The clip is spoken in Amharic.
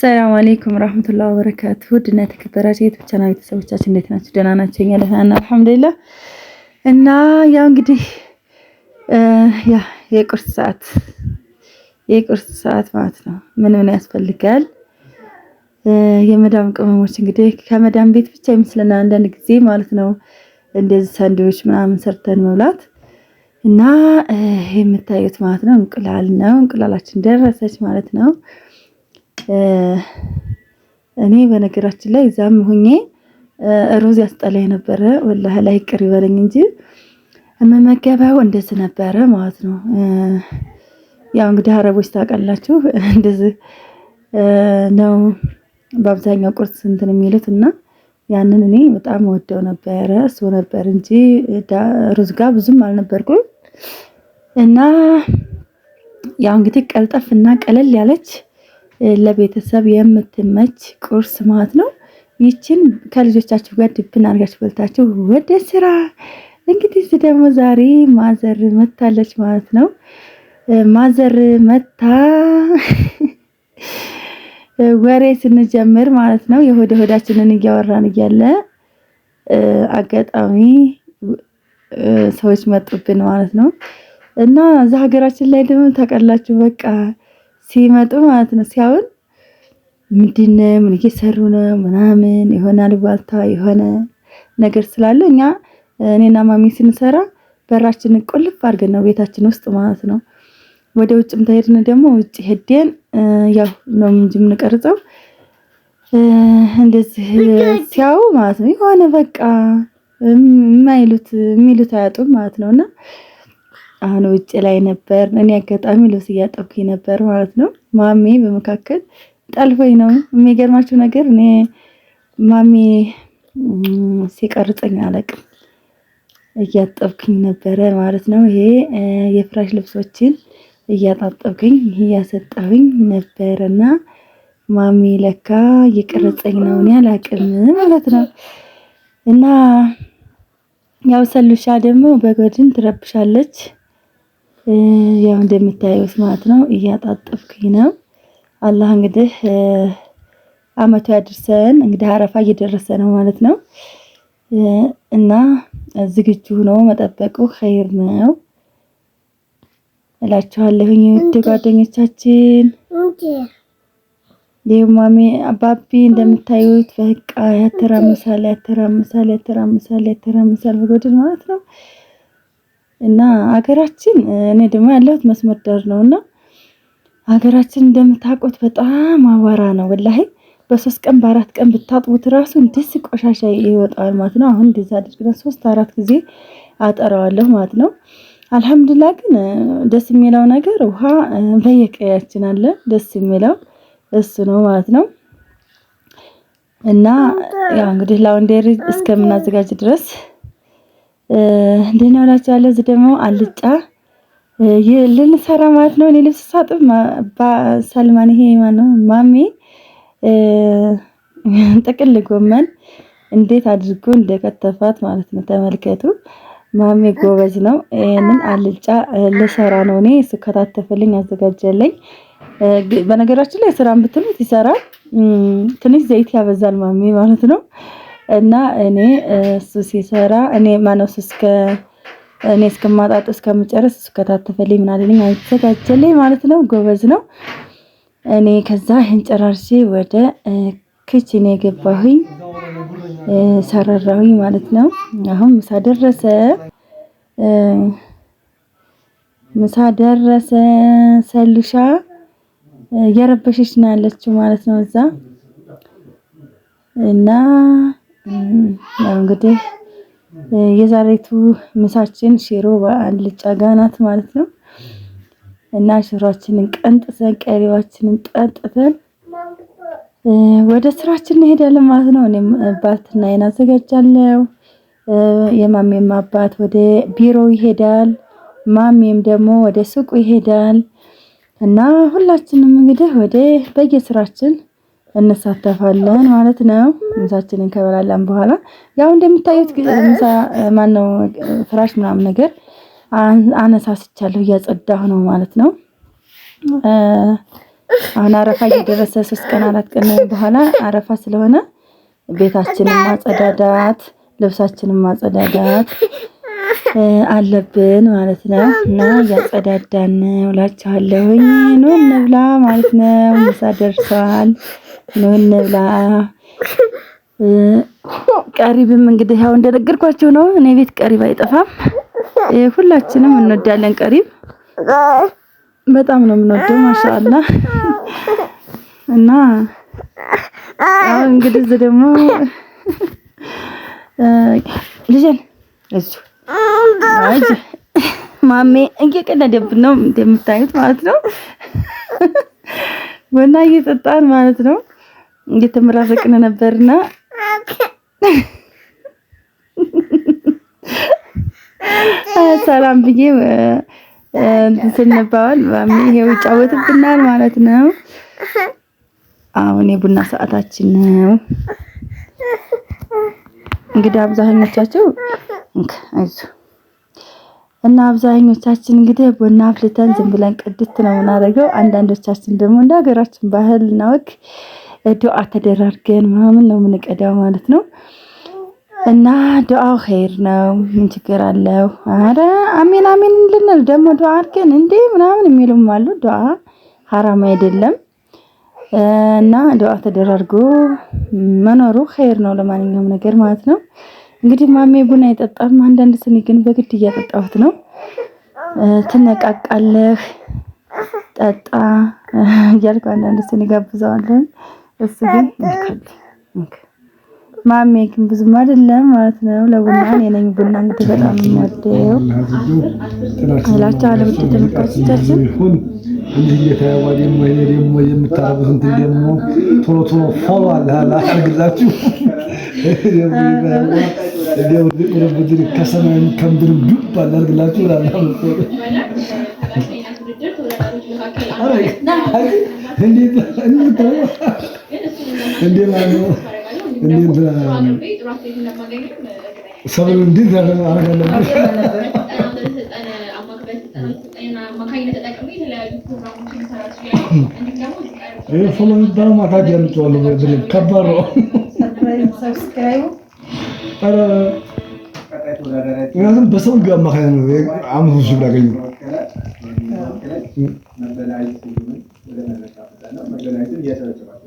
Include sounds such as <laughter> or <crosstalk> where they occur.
ሰላም አለይኩም ረህመቱላሂ ወበረካቱ። ውድና የተከበራችሁ የዩቲዩብ ቻናል ቤተሰቦቻችን እንዴት ናችሁ? ደህና ናቸው። እኛ ደህና ነን አልሐምዱሊላህ። እና ያ እንግዲህ ያ የቁርስ ሰዓት የቁርስ ሰዓት ማለት ነው። ምን ምን ያስፈልጋል? የመዳም ቅመሞች እንግዲህ ከመዳም ቤት ብቻ ይመስለናል አንዳንድ ጊዜ ማለት ነው እንደዚህ ሳንድዊች ምናምን ሰርተን መብላት እና የምታዩት ማለት ነው እንቁላል ነው። እንቁላላችን ደረሰች ማለት ነው። እኔ በነገራችን ላይ እዛም ሆኜ ሩዝ ያስጠላኝ ነበረ። ወላሂ ላይ ቅር ይበለኝ እንጂ መመገቢያው እንደዚህ ነበረ ማለት ነው። ያው እንግዲህ አረቦች ታውቃላችሁ <laughs> እንደዚህ ነው በአብዛኛው ቁርስ እንትን የሚሉት እና ያንን እኔ በጣም ወደው ነበረ። እሱ ነበር እንጂ ሩዝ ጋር ብዙም አልነበርኩም እና ያው እንግዲህ ቀልጠፍና ቀለል ያለች ለቤተሰብ የምትመች ቁርስ ማለት ነው። ይችን ከልጆቻችሁ ጋር ድብን አድርጋችሁ በልታችሁ ወደ ስራ። እንግዲህ እዚህ ደግሞ ዛሬ ማዘር መታለች ማለት ነው። ማዘር መታ ወሬ ስንጀምር ማለት ነው የሆደ ሆዳችንን እያወራን እያለ አጋጣሚ ሰዎች መጡብን ማለት ነው። እና እዛ ሀገራችን ላይ ደግሞ ታውቃላችሁ በቃ ሲመጡ ማለት ነው ሲያውን ምንድን ምን እየሰሩ ነው ምናምን የሆነ አልባልታ የሆነ ነገር ስላለ እኛ እኔና ማሚ ስንሰራ በራችንን ቁልፍ አድርገን ነው ቤታችን ውስጥ ማለት ነው። ወደ ውጭም ተሄድን ደግሞ ውጭ ሄደን ያው ነው እንጂ የምንቀርጸው እንደዚህ ሲያው ማለት ነው የሆነ በቃ የማይሉት የሚሉት አያጡም ማለት ነው እና አሁን ውጭ ላይ ነበር። እኔ አጋጣሚ ልብስ እያጠብኩኝ ነበር ማለት ነው። ማሜ በመካከል ጠልፎኝ ነው። የሚገርማችሁ ነገር እኔ ማሜ ሲቀርጸኝ አለቅም እያጠብኩኝ ነበረ ማለት ነው። ይሄ የፍራሽ ልብሶችን እያጣጠብኩኝ እያሰጣሁኝ እና ማሚ ለካ እየቀረጸኝ ነው፣ እኔ አላቅም ማለት ነው። እና ያው ሰሉሻ ደግሞ በጎድን ትረብሻለች። ያው እንደምታዩት ማለት ነው እያጣጠፍኩኝ ነው። አላህ እንግዲህ አመቱ ያድርሰን። እንግዲህ አረፋ እየደረሰ ነው ማለት ነው እና ዝግጁ ሆኖ መጠበቁ ኸይር ነው እላችኋለሁኝ ውድ ጓደኞቻችን። ማሜ አባቢ እንደምታዩት በቃ ያተራምሳል ያተራምሳል ያተራምሳል ያተራምሳል በጎድን ማለት ነው። እና ሀገራችን እኔ ደግሞ ያለሁት መስመር ዳር ነው እና ሀገራችን እንደምታውቁት በጣም አቧራ ነው። ወላሂ በሶስት ቀን በአራት ቀን ብታጥቡት ራሱ እንደዚህ ቆሻሻ ይወጣዋል ማለት ነው። አሁን እንደዛ አድርገን ሶስት አራት ጊዜ አጠረዋለሁ ማለት ነው። አልሐምዱላ ግን ደስ የሚለው ነገር ውሃ በየቀያችን አለ። ደስ የሚለው እሱ ነው ማለት ነው። እና ያው እንግዲህ ላውንደሪ እስከምናዘጋጅ ድረስ ደህና ውላችኋለሁ። እዚህ ደግሞ አልጫ ልንሰራ ማለት ነው። እኔ ልብስ ሳጥብ ሰልማን ይሄ ማነው ማሚ ጥቅል ጎመን እንዴት አድርጎ እንደከተፋት ማለት ነው። ተመልከቱ። ማሚ ጎበዝ ነው። ይህንን አልጫ ልሰራ ነው እኔ። እሱ ከታተፈልኝ አዘጋጀለኝ። በነገራችን ላይ ስራን ብትሉት ይሰራል። ትንሽ ዘይት ያበዛል ማሜ ማለት ነው። እና እኔ እሱ ሲሰራ እኔ ማነው እስከ እኔ እስከማጣጥ እስከምጨርስ እሱ ከታተፈልኝ ምናልልኝ አይተዘጋጀልኝ ማለት ነው። ጎበዝ ነው። እኔ ከዛ ይህን ጨራርሼ ወደ ክችን የገባሁኝ ሰራራሁኝ ማለት ነው። አሁን ምሳ ደረሰ፣ ምሳ ደረሰ። ሰልሻ እየረበሸች ነው ያለችው ማለት ነው እዛ እና እንግዲህ የዛሬቱ ምሳችን ሽሮ በአልጫ ጋናት ናት ማለት ነው። እና ሽሯችንን ቀንጥሰን ቀሪዋችንን ጠጥተን ወደ ስራችን እንሄዳለን ማለት ነው። እኔም ባልትና አዘጋጃለሁ። የማሜም አባት ወደ ቢሮ ይሄዳል፣ ማሜም ደግሞ ወደ ሱቁ ይሄዳል። እና ሁላችንም እንግዲህ ወደ በየስራችን እንሳተፋለን ማለት ነው። ምሳችንን ከበላለን በኋላ ያው እንደምታዩት ምሳ ማነው ፍራሽ ምናምን ነገር አነሳስቻለሁ እያጸዳሁ ነው ማለት ነው። አሁን አረፋ እየደረሰ ሶስት ቀን አራት ቀን በኋላ አረፋ ስለሆነ ቤታችንን ማጸዳዳት ልብሳችንን ማጸዳዳት አለብን ማለት ነው። እና እያጸዳዳን ውላችኋለሁኝ። ኑ እንብላ ማለት ነው። ምሳ ደርሰዋል። ነው እንብላ። ቀሪብም እንግዲህ ያው እንደነገርኳቸው ነው። እኔ ቤት ቀሪብ አይጠፋም። ሁላችንም እንወዳለን። ቀሪብ በጣም ነው የምንወደው። ማሻአላ እና አሁን እንግዲህ እዚህ ደግሞ ልጄን እዚሁ ማሜ እየቀለደብን ነው እንደምታዩት ማለት ነው። ወና እየጠጣን ማለት ነው። እየተመራረቅን ነበርና ሰላም ብዬ እንትን ስንባባል ይሄው ይጫወትብናል ማለት ነው። አሁን የቡና ሰዓታችን ነው። እንግዲህ አብዛኞቻቸው እና አብዛኞቻችን እንግዲህ ቡና አፍልተን ዝም ብለን ቅድት ነው የምናደርገው። አንዳንዶቻችን ደግሞ እንደ ሀገራችን ባህልና ወግ ዱዓ ተደራርገን ምናምን ነው የምንቀዳው ማለት ነው። እና ዱዓው ኸይር ነው። ምን ችግር አለው? አረ አሜን አሜን ልንል ደግሞ ዱዓ አድርገን እንዴ ምናምን የሚሉም አሉ። ዱዓ ሀራም አይደለም እና ዱዓ ተደራርጎ መኖሩ ኸይር ነው ለማንኛውም ነገር ማለት ነው። እንግዲህ ማሜ ቡና አይጠጣም። አንዳንድ ስኒ ግን በግድ እያጠጣሁት ነው። ትነቃቃለህ ጠጣ እያልኩ አንዳንድ ስኒ ጋብዘዋለን። እሱ ግን ማሜ ግን ብዙም አይደለም ማለት ነው። ለቡና እኔ ነኝ ቡና እንግዲህ በጣም የምወደው እላቸዋለሁ። ውድ ተመልካቾቻችን እንዲህ ደግሞ ይሄ ደግሞ የምታረጉት እንትን ደግሞ ቶሎ ቶሎ ፎሎ አለ አለ እንዴት እንዴት ምክንያቱም በሰው ህግ አማካኝ ነው አመቶች ብላገኙ መበላየት መበላየትን እያጨበጭባል